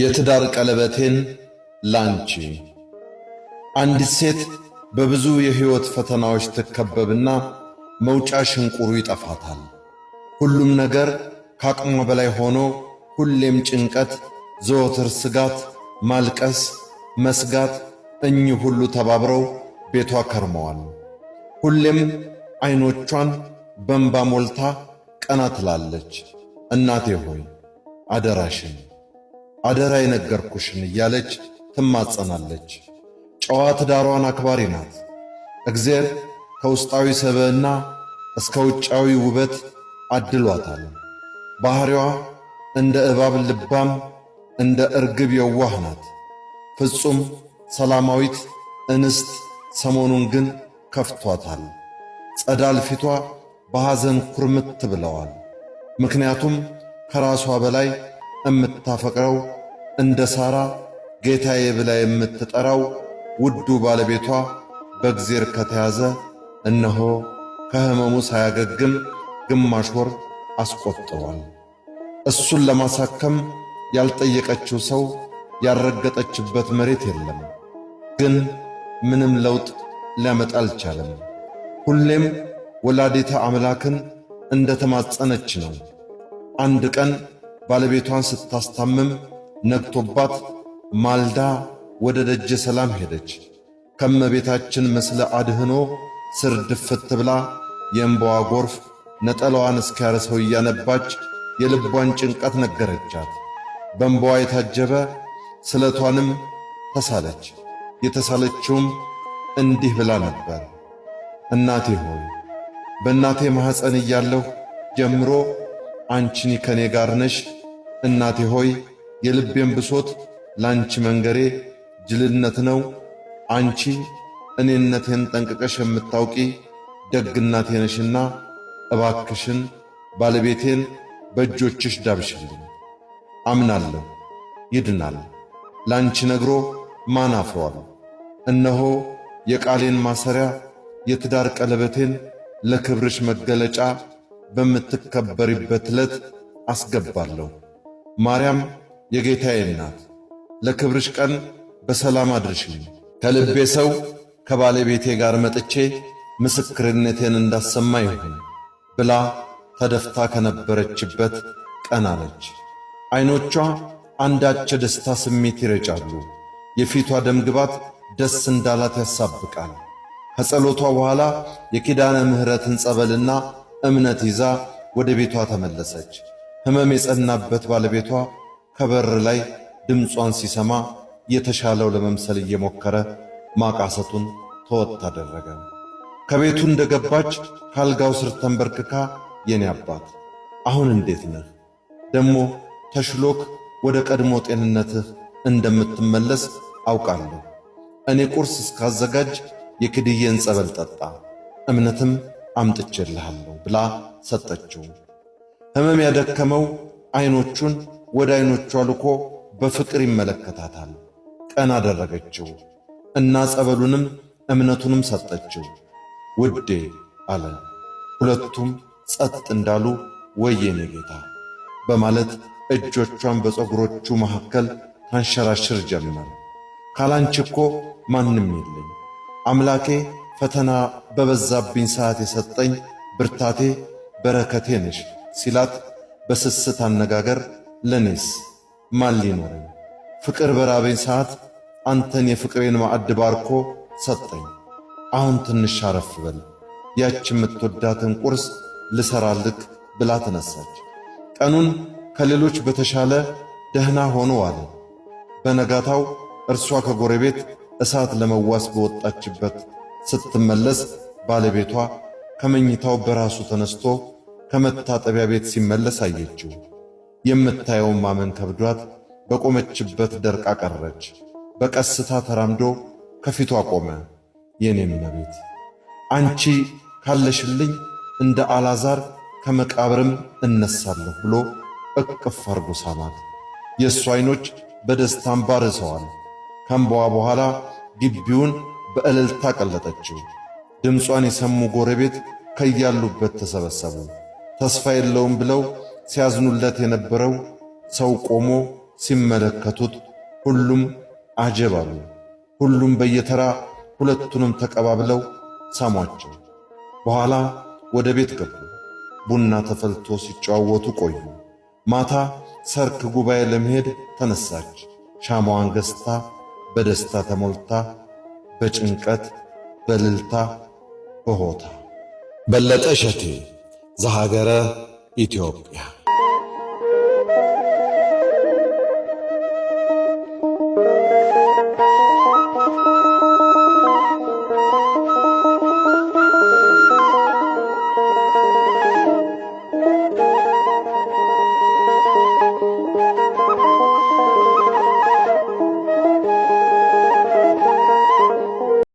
የትዳር ቀለበቴን ላንቺ። አንዲት ሴት በብዙ የሕይወት ፈተናዎች ትከበብና መውጫ ሽንቁሩ ይጠፋታል። ሁሉም ነገር ከአቅሟ በላይ ሆኖ ሁሌም ጭንቀት፣ ዘወትር ስጋት፣ ማልቀስ፣ መስጋት እኚህ ሁሉ ተባብረው ቤቷ ከርመዋል። ሁሌም ዐይኖቿን በንባ ሞልታ ቀና ትላለች። እናቴ ሆይ አደራሽን አደራ የነገርኩሽን እያለች ትማጸናለች። ጨዋ ትዳሯን አክባሪ ናት። እግዜር ከውስጣዊ ሰብዕና እስከ ውጫዊ ውበት አድሏታል። ባሕሪዋ እንደ እባብ ልባም፣ እንደ እርግብ የዋህ ናት። ፍጹም ሰላማዊት እንስት ሰሞኑን ግን ከፍቷታል። ጸዳል ፊቷ በሐዘን ኩርምት ብለዋል። ምክንያቱም ከራሷ በላይ እምታፈቅረው እንደ ሳራ ጌታዬ ብላ የምትጠራው ውዱ ባለቤቷ በእግዜር ከተያዘ እነሆ ከሕመሙ ሳያገግም ግማሽ ወር አስቆጥሯል። እሱን ለማሳከም ያልጠየቀችው ሰው ያረገጠችበት መሬት የለም። ግን ምንም ለውጥ ሊያመጣ አልቻለም። ሁሌም ወላዲተ አምላክን እንደ ተማጸነች ነው። አንድ ቀን ባለቤቷን ስታስታምም ነግቶባት ማልዳ ወደ ደጀ ሰላም ሄደች። ከመቤታችን ምስለ አድህኖ ስር ድፍት ብላ የእንባዋ ጎርፍ ነጠላዋን እስኪያረሰው እያነባች የልቧን ጭንቀት ነገረቻት። በእንባዋ የታጀበ ስለቷንም ተሳለች። የተሳለችውም እንዲህ ብላ ነበር። እናቴ ሆይ በእናቴ ማኅፀን እያለሁ ጀምሮ አንቺኒ ከኔ ጋር ነሽ እናቴ ሆይ የልቤን ብሶት ላንቺ መንገሬ ጅልነት ነው። አንቺ እኔነቴን ጠንቅቀሽ የምታውቂ ደግ እናቴ ነሽና እባክሽን ባለቤቴን በእጆችሽ ዳብሽልኝ። አምናለሁ ይድናል። ላንቺ ነግሮ ማን አፍሯል? እነሆ የቃሌን ማሰሪያ የትዳር ቀለበቴን ለክብርሽ መገለጫ በምትከበሪበት ዕለት አስገባለሁ። ማርያም የጌታዬ ናት። ለክብርሽ ቀን በሰላም አድርሽኝ። ከልቤ ሰው ከባለቤቴ ጋር መጥቼ ምስክርነቴን እንዳሰማ ይሁን ብላ ተደፍታ ከነበረችበት ቀን አለች። ዐይኖቿ አንዳች የደስታ ስሜት ይረጫሉ። የፊቷ ደምግባት ደስ እንዳላት ያሳብቃል። ከጸሎቷ በኋላ የኪዳነ ምሕረትን ጸበልና እምነት ይዛ ወደ ቤቷ ተመለሰች። ሕመም የጸናበት ባለቤቷ ከበር ላይ ድምጿን ሲሰማ የተሻለው ለመምሰል እየሞከረ ማቃሰቱን ተወት አደረገ። ከቤቱ እንደገባች ካልጋው ስር ተንበርክካ የኔ አባት አሁን እንዴት ነህ? ደግሞ ተሽሎክ ወደ ቀድሞ ጤንነትህ እንደምትመለስ አውቃለሁ። እኔ ቁርስ እስካዘጋጅ የክድዬን ጸበል ጠጣ፣ እምነትም አምጥቼልሃለሁ ብላ ሰጠችው። ህመም ያደከመው ዐይኖቹን ወደ ዐይኖቿ ልኮ በፍቅር ይመለከታታል። ቀና አደረገችው እና ጸበሉንም እምነቱንም ሰጠችው። ውዴ አለ። ሁለቱም ጸጥ እንዳሉ ወየኔ ጌታ በማለት እጆቿን በፀጉሮቹ መካከል ታንሸራሽር ጀመር። ካላንቺ እኮ ማንም የለኝ አምላኬ ፈተና በበዛብኝ ሰዓት የሰጠኝ ብርታቴ በረከቴ ነሽ ሲላት በስስት አነጋገር ለኔስ ማን ሊኖረኝ ፍቅር በራበኝ ሰዓት አንተን የፍቅሬን ማዕድ ባርኮ ሰጠኝ። አሁን ትንሽ አረፍ በል ያች የምትወዳትን ቁርስ ልሰራልክ ብላ ተነሳች። ቀኑን ከሌሎች በተሻለ ደህና ሆኖ አለ። በነጋታው እርሷ ከጎረቤት እሳት ለመዋስ በወጣችበት ስትመለስ ባለቤቷ ከመኝታው በራሱ ተነስቶ ከመታጠቢያ ቤት ሲመለስ አየችው። የምታየውን ማመን ከብዷት በቆመችበት ደርቃ ቀረች። በቀስታ ተራምዶ ከፊቷ ቆመ። የኔ እመቤት አንቺ ካለሽልኝ እንደ አላዛር ከመቃብርም እነሳለሁ ብሎ እቅፍ አርጎ ሳማት። የእሱ አይኖች በደስታ እንባ ርሰዋል። ከእንባዋ በኋላ ግቢውን በእልልታ ቀለጠችው። ድምጿን የሰሙ ጎረቤት ከያሉበት ተሰበሰቡ። ተስፋ የለውም ብለው ሲያዝኑለት የነበረው ሰው ቆሞ ሲመለከቱት ሁሉም አጀብ አሉ። ሁሉም በየተራ ሁለቱንም ተቀባብለው ሳሟቸው። በኋላ ወደ ቤት ገቡ። ቡና ተፈልቶ ሲጨዋወቱ ቆዩ። ማታ ሰርክ ጉባኤ ለመሄድ ተነሳች። ሻማዋን ገዝታ በደስታ ተሞልታ በጭንቀት በልልታ በሆታ በለጠ እሸቴ ዘሀገረ ኢትዮጵያ